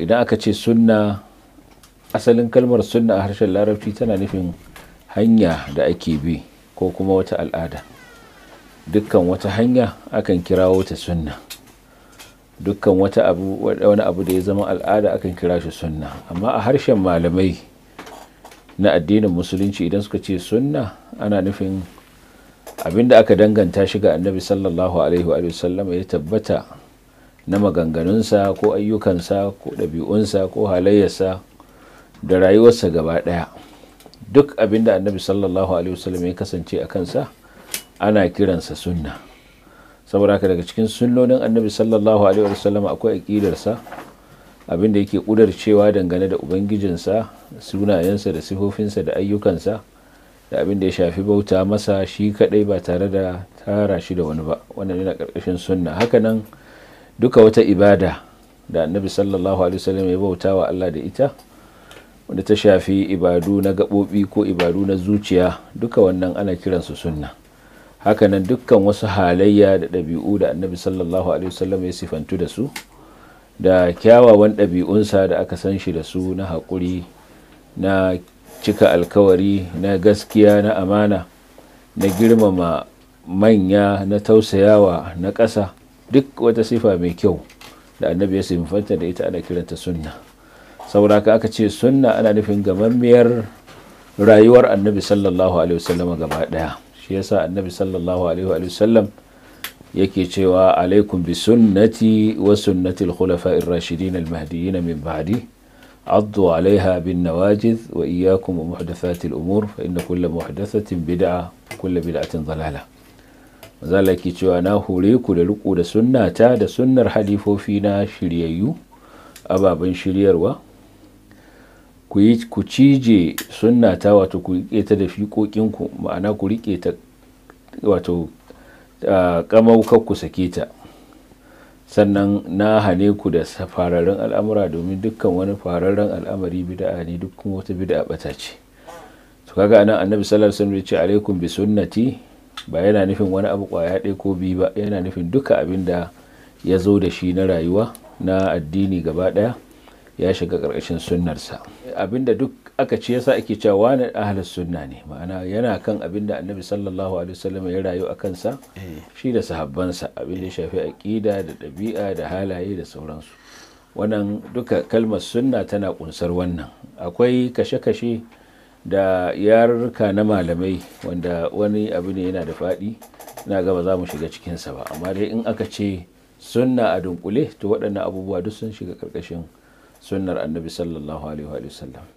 idan aka ce sunna asalin kalmar sunna a harshen larabci tana nufin hanya da ake bi ko kuma wata al'ada dukkan wata hanya akan kirawo ta sunna dukkan wata abu wani abu da ya zama al'ada akan kira shi sunna amma a harshen malamai na addinin musulunci idan suka ce sunna ana nufin abinda aka danganta shiga annabi sallallahu alaihi wa sallama ya tabbata na maganganunsa ko ayyukansa ko ɗabi'unsa ko halayyarsa da rayuwarsa gaba ɗaya duk abin da annabi sallallahu alaihi wasallam ya kasance a kansa ana kiransa sunna saboda haka daga cikin sunnonin annabi sallallahu alaihi wasallam akwai aƙidarsa abin da yake ƙudarcewa dangane da ubangijinsa sunayensa da sifofinsa da ayyukansa da abin da ya shafi bauta masa shi kaɗai ba tare da tara shi da wani ba wannan yana ƙarƙashin sunna hakanan nan duka wata ibada da annabi sallallahu alaihi wasallam ya bauta wa Allah da ita wanda ta shafi ibadu na gaɓoɓi ko ibadu na zuciya duka wannan ana kiransu sunna hakanan dukkan wasu halayya da ɗabi'u da annabi sallallahu alaihi wasallam ya sifantu da su da kyawawan ɗabi'unsa da aka san shi da su na haƙuri na cika alkawari na gaskiya na amana na girmama manya na tausayawa na ƙasa duk wata sifa mai kyau da annabi ya sifanta da ita ana kiranta sunna saboda haka aka ce sunna ana nufin gamammiyar rayuwar annabi sallallahu alaihi wasallam gaba daya shi yasa annabi sallallahu alaihi wasallam yake cewa alaikum bi sunnati wa sunnati al-khulafa'ir rashidin al-mahdiyyin min ba'di عضوا عليها بالنواجذ وإياكم ومحدثات الأمور فإن كل محدثة بدعة وكل بدعة ضلالة mazala cewa na hore ku da riko da sunnata da sunnar halifofi na shiryayyu ababen shiryarwa ku yi ku cije sunnata wato ku riƙe ta da fiƙoƙinku ma'ana ku riƙe ta wato ƙamaukar ku sake ta sannan na hane ku da fararen al'amura domin dukkan wani fararen al'amari bida'a ne duk wata bida'a bata ce to kaga anan annabi sallallahu alaihi wasallam ya ce alaikum bi sunnati ba yana nufin wani abu kwaya ɗaya ko biyu ba yana nufin duka abin da ya zo da shi na rayuwa na addini gaba ɗaya ya shiga ƙarƙashin sunnarsa abin da duk aka ce yasa ake cewa wani ahlus sunna ne ma'ana yana kan abin da annabi sallallahu alaihi wasallam ya rayu a kansa eh. shi da sahabbansa abin da ya shafi aqida da ɗabi'a da halaye da sauransu wannan duka kalmar sunna tana ƙunsar wannan akwai kashe-kashe da yarurruka na malamai wanda wani abu ne yana da faɗi na gaba za mu shiga cikinsa ba amma dai in aka ce sunna a dunkule to waɗannan abubuwa duk sun shiga ƙarƙashin sunnar annabi sallallahu alaihi wa sallam